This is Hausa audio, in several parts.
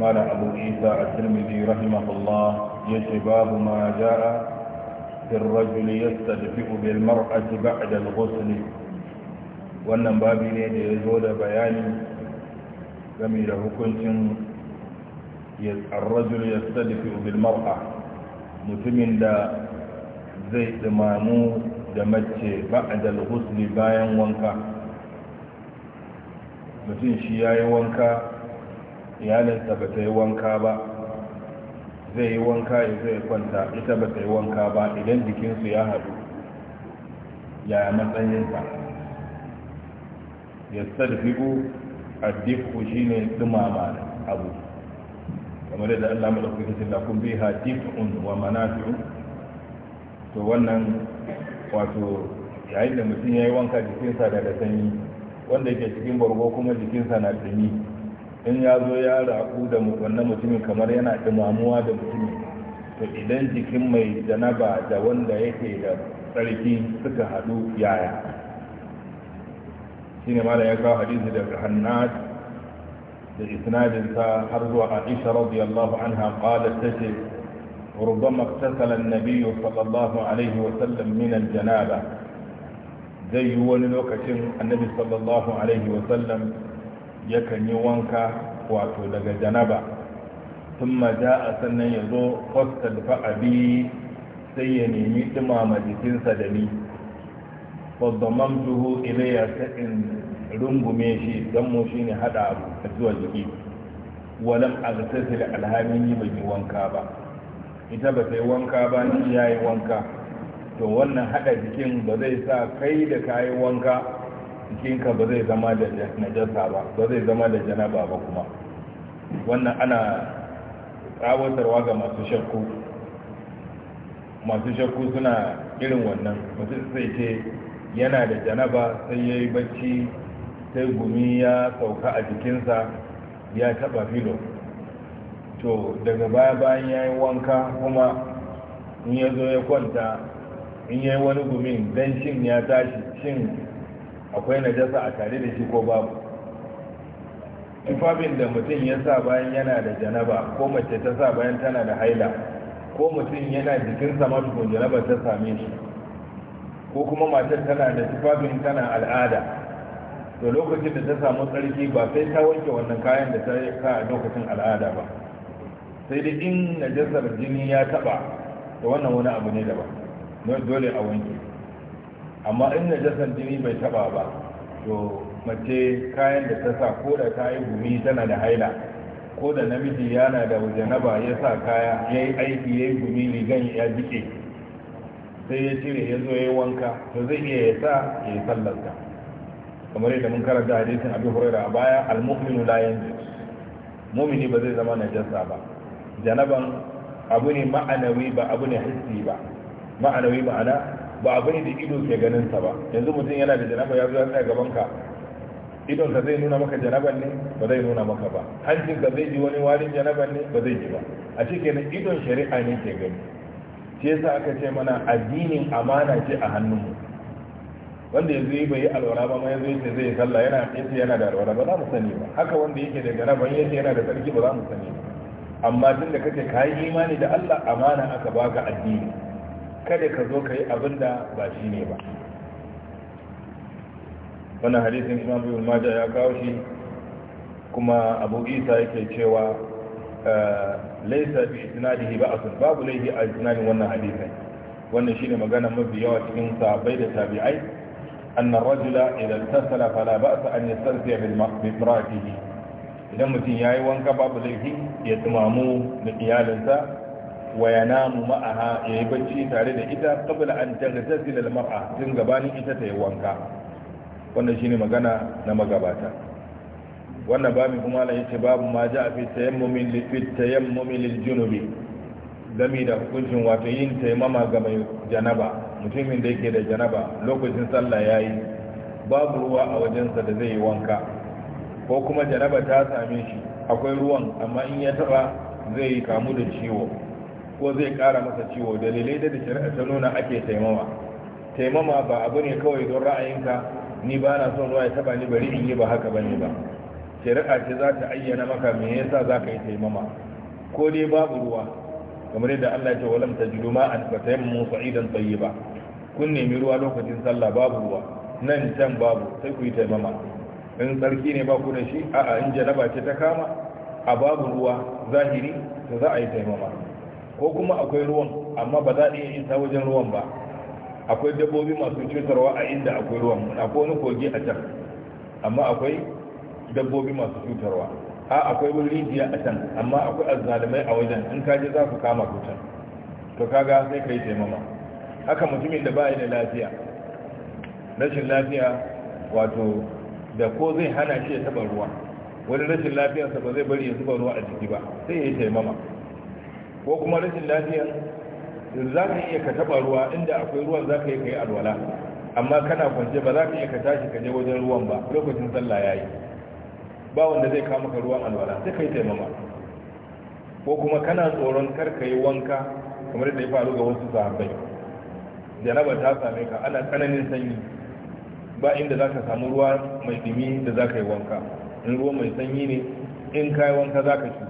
قال أبو عيسى الترمذي رحمه الله يشباب ما جاء في الرجل يستدفئ بالمرأة بعد الغسل wannan babi ne da ya zo da bayani game da hukuncin arrajul ya sadafi bil mar'a mutumin da zai dimamu da mace ba'dal bayan wanka mutum shi yayi wanka iyalinsa ba ta yi wanka ba zai yi wanka ya zai kwanta ita ba ta yi wanka ba idan jikinsu ya haɗu ya matsayinsa ya sarfiku addifu shi ne dumama abu kamar da allah maɗaukakacin lakun biha dif'un wa manafi'un to wannan wato yayin da mutum ya yi wanka jikinsa daga sanyi wanda yake cikin bargo kuma jikinsa na sanyi in ya zo ya raku da wannan mutumin kamar yana imamuwa da mutumin to idan jikin mai janaba da wanda yake da tsarki suka haɗu yaya shine ne ya kawo hadisi daga hannad da isnadinsa har zuwa aisha radiyallahu anha qalat tace ربما اغتسل النبي صلى الله عليه وسلم من الجنابه زي ولي النبي صلى الله عليه وسلم yakan yi wanka wato daga janaba Tun maja a sannan ya zo hostel fa'abi sai ya nemi dumama jikinsa da ni faddaman tuhu ilayya ta in rungume shi don mu shi ne haɗa abu a zuwa jiki walam a da alhamin yi bai yi wanka ba ita ba sai wanka ba ni ya yi wanka to wannan haɗa jikin ba zai sa kai da kayi wanka jikinka ba zai zama da najasa ba ba zai zama da janaba ba kuma wannan ana tsawatarwa ga masu shakku masu shakku suna irin wannan mutum sai ce yana da janaba sai ya yi bacci sai gumi ya sauka a jikinsa ya taba filo to daga baya bayan ya yi wanka kuma in ya zo ya kwanta in ya yi wani gumin don shin ya tashi shin akwai najasa a tare da shi ko babu tufafin da mutum ya sa bayan yana da janaba ko mace ta sa bayan tana da haila ko mutum yana jikin sama tukun janaba ta same shi ko kuma matar tana da tufafin tana al'ada to lokacin da ta samu tsarki ba sai ta wanke wannan kayan da ta ka a lokacin al'ada ba sai dai in najasar jini ya taba da wannan wani abu ne daban dole a wanke amma in najasan jini bai taba ba to mace kayan da ta sa ko da ta yi gumi tana da haila ko da namiji yana da janaba ya sa kaya ya yi aiki ya yi gumi rigan ya jike sai ya cire ya zo ya yi wanka to zai iya ya sa ya yi sallarta kamar yadda mun karanta hadisin abu hurairah a baya almu'minu la yanzu mumini ba zai zama najasa ba janaban abu ne ma'anawi ba abu ne hissi ba ma'anawi ma'ana ba abin da ido ke ganin sa ba yanzu mutum yana da janaba ya zuwa tsaya gaban ka idon ka zai nuna maka janaban ne ba zai nuna maka ba hancin ka zai ji wani warin janaban ne ba zai ji ba a cikin idon shari'a ne ke gani shi yasa aka ce mana addinin amana ce a hannunmu wanda yanzu yi bai yi alwara ba ma yanzu yace zai yi sallah yana yace yana da alwara ba za mu sani ba haka wanda yake da janaban yace yana da sarki ba za mu sani ba amma tunda kace kayi imani da Allah amana aka baka addini kada ka zo ka yi abin da ba shi ne ba wannan hadisin imam bin majah ya kawo shi kuma abu isa yake cewa eh, laisa bi ba ba'sun babu laifi a isnadin wannan hadisin wannan shine magana mafi yawa cikin sahabbai da tabi'ai anna rajula idan tasala fala ba'sa an yastansiya bil mar'atihi idan mutum ya yi wanka babu laifi ya tumamu da iyalinsa wa yanamu ma'aha yayi bacci tare da ita qabla an taghtazil al mar'a tun gabanin ita ta yi wanka wannan shine magana na magabata wannan babu kuma la yace babu ma ja'a fi tayammumin li fi tayammumin lil junubi dami da hukuncin wato yin taimama ga mai janaba mutumin da yake da janaba lokacin sallah yayi babu ruwa a wajensa da zai yi wanka ko kuma janaba ta same shi akwai ruwan amma in ya taba zai kamu da ciwo ko zai kara masa ciwo dalilai da shari'a ta nuna ake taimama taimama ba abu ne kawai don ra'ayinka ni ba na son ruwa ya taba ni bari in yi ba haka bane ba shari'a ce za ta ayyana maka me yasa za ka yi taimama ko dai babu ruwa kamar yadda Allah ya ce walam tajidu ma'an mu sa'idan tayyiba kun nemi ruwa lokacin sallah babu ruwa nan can babu sai ku yi taimama in tsarki ne ba ku da shi a'a in janaba ce ta kama a babu ruwa zahiri to za a yi taimama ko kuma akwai ruwan amma ba za a iya isa wajen ruwan ba akwai dabbobi masu cutarwa a inda akwai ruwan akwai wani kogi a can amma akwai dabbobi masu cutarwa a akwai wani rijiya a can amma akwai azalimai a wajen in je za ku kama ku can to kaga sai ka yi taimama haka mutumin da ba da lafiya rashin lafiya wato da ko zai hana shi ya taba ruwa wani rashin lafiyarsa ba zai bari ya zuba ruwa a jiki ba sai ya yi taimama ko kuma rashin lafiyar za ka iya ka taba ruwa inda akwai ruwan za ka yi ka yi alwala amma kana kwance ba za ka iya ka tashi ka je wajen ruwan ba lokacin sallah ya yi ba wanda zai kama ka ruwan alwala sai ka yi taimama ko kuma kana tsoron kar ka yi wanka kamar da ya faru ga wasu sahabbai jaraba ta same ka ana tsananin sanyi ba inda za ka samu ruwa mai dumi da za ka yi wanka in ruwa mai sanyi ne in ka yi wanka za ka shi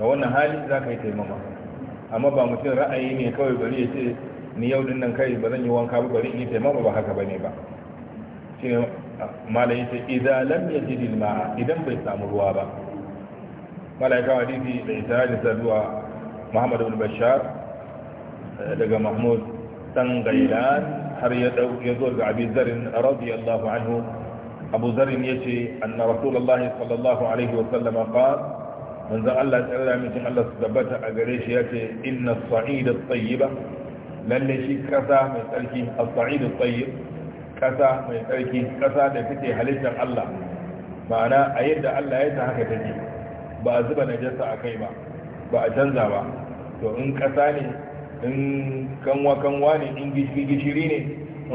ga wannan hali za ka yi taimama amma ba mutum ra'ayi ne kawai bari ya ce ni yau din nan kai ba zan yi wanka ba bari in yi taimama ba haka bane ba shi ne mala yace idza lam yajid al ma'a idan bai samu ruwa ba malaika didi da isnadin sa zuwa Muhammad ibn Bashar eh, daga Mahmud dan Gailan har ya dau ya zo ga Abi Dharr radiyallahu anhu Abu zarin yace anna Rasulullahi sallallahu alaihi wa sallam qala manzon Allah tsara mikin Allah su tabbata a gare shi ya ce inna as-sa'ida at-tayyiba lalle shi kasa mai tsarki as-sa'ida at kasa mai tsarki kasa da take halittar Allah ma'ana a yadda Allah ya ta haka take ba a zuba najasa a kai ba ba a canza ba to in kasa ne in kanwa kanwa ne in gishiri gishiri ne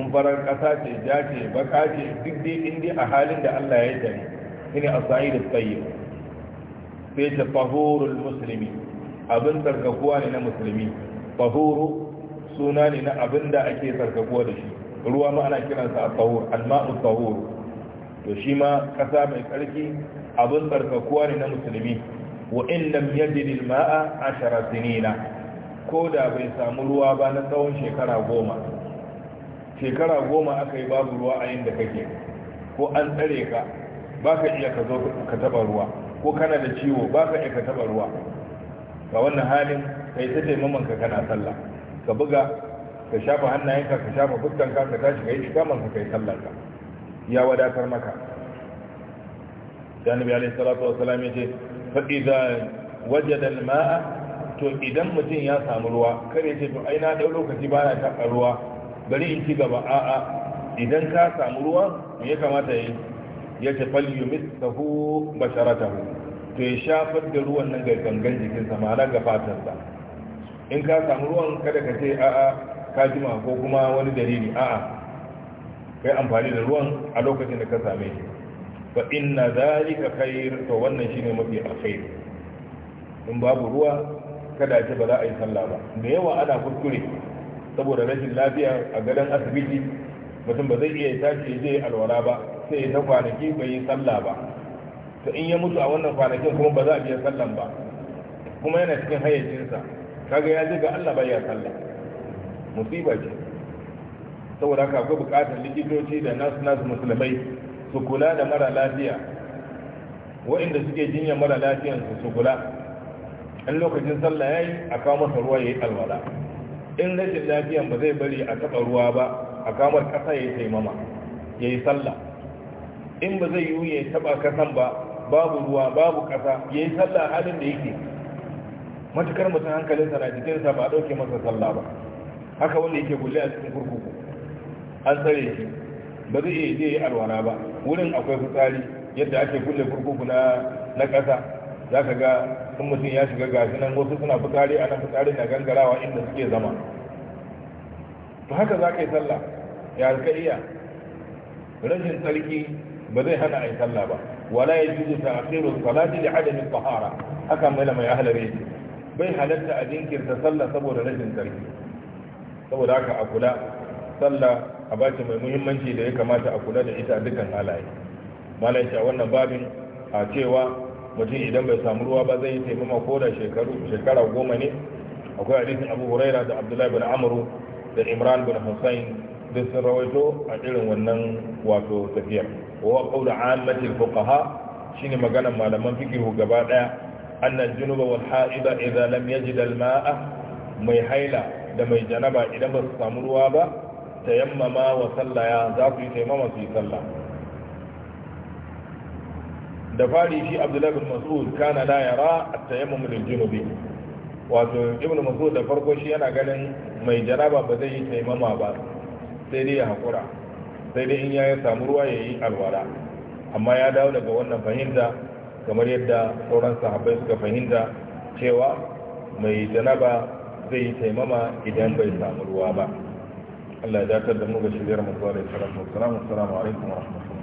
in farar kasa ce ja ce baka ce duk dai in dai a halin da Allah ya yi ta ne shine as-sa'ida at sai ta fahurul musulmi abin sarkakuwa ne na musulmi fahuru suna ne na abin da ake sarkakuwa da shi ruwa ma ana kiransa a fahur alma'u to shi ma kasa mai tsarki abin tsarkakuwa ne na musulmi wa in lam yajid alma'a ashara sinina ko da bai samu ruwa ba na tsawon shekara goma shekara goma aka yi babu ruwa a yadda kake ko an tsare ka Ba ka iya ka zo ka taɓa ruwa ko kana da ciwo ba ka ka taɓa ruwa ga wannan halin ka yi ta taimaman ka kana sallah ka buga ka shafa hannayenka ka shafa fuskanka ka tashi ka yi ikaman ka yi sallar ka ya wadatar maka janibi alaihi salatu wasalam yace ce fa idza wajada al-ma'a to idan mutum ya samu ruwa kare ce to ai na dau lokaci bana taɓa ruwa bari in ci gaba a'a idan ka samu ruwa me ya kamata yayi ya ce falyu mitsahu basharatahu to ya shafar da ruwan nan ga gangan jikinsa ma'ana ga sa. in ka samu ruwan kada ka ce a'a ka jima ko kuma wani dalili a'a kai amfani da ruwan a lokacin da ka same shi fa inna zalika khair to wannan shine mafi alkhair in babu ruwa kada ce ba za a yi sallah ba da yawa ana kuskure saboda rashin lafiya a gadon asibiti mutum ba zai iya tashi ya je alwara ba sai ya kwanaki bai yi sallah ba to in ya mutu a wannan kwanakin kuma ba za a biya sallan ba kuma yana cikin hayyacinsa kaga ya ji ga Allah bai ya sallah musiba ce saboda haka akwai bukatar likitoci da nasu nasu musulmai su kula da mara lafiya wa'inda suke jinya mara lafiyansu su kula in lokacin sallah yayi a kawo masa ruwa yayi alwala in rashin lafiyan ba zai bari a taɓa ruwa ba a kamar ƙasa ya taimama ya sallah in ba zai yi ya taba kasan ba babu ruwa babu kasa ya yi sallah halin da yake matukar mutum hankalinsa na jikinsa ba a dauke masa sallah ba haka wanda yake gulle a cikin kurkuku an tsare shi ba zai iya je yi ba wurin akwai fitsari yadda ake gulle kurkuku na na ƙasa za ka ga sun mutum ya shiga gashi nan wasu suna fitsari a nan fitsari na gangarawa inda suke zama to haka za ka yi sallah ya alka iya rashin tsarki ba zai hana a yi sallah ba wala ya ji ta akhiru salati da adamin tahara haka mai mai ahlare bai halatta a jinkirta sallah saboda rashin tarki saboda haka a kula sallah a bace mai muhimmanci da ya kamata a kula da ita a halaye malam a wannan babin a cewa mutum idan bai samu ruwa ba zai yi taimama ko da shekaru shekara goma ne akwai hadisin abu huraira da abdullahi bin amru da imran bin hussein duk sun rawaito a irin wannan wato tafiyar wa qawlu ammatil fuqaha shine magana malaman fikihu gaba daya annal junuba wal ha'ida idza lam yajid al ma'a mai haila da mai janaba idan ba su samu ruwa ba tayammama wa sallaya za ku yi taimama su yi sallah da fari shi abdullahi bin mas'ud kana la yara at-tayammum lil junubi wato ibnu mas'ud da farko shi yana ganin mai janaba ba zai yi taimama ba sai dai ya hakura sai dai in ya samu ruwa ya yi alwala amma ya dawo daga wannan fahimta kamar yadda sauran sahabbai suka fahimta cewa mai janaba zai yi taimama idan bai samu ruwa ba Allah ya dakatar da mu ga shigar mu zuwa da salamu alaikum wa rahmatullahi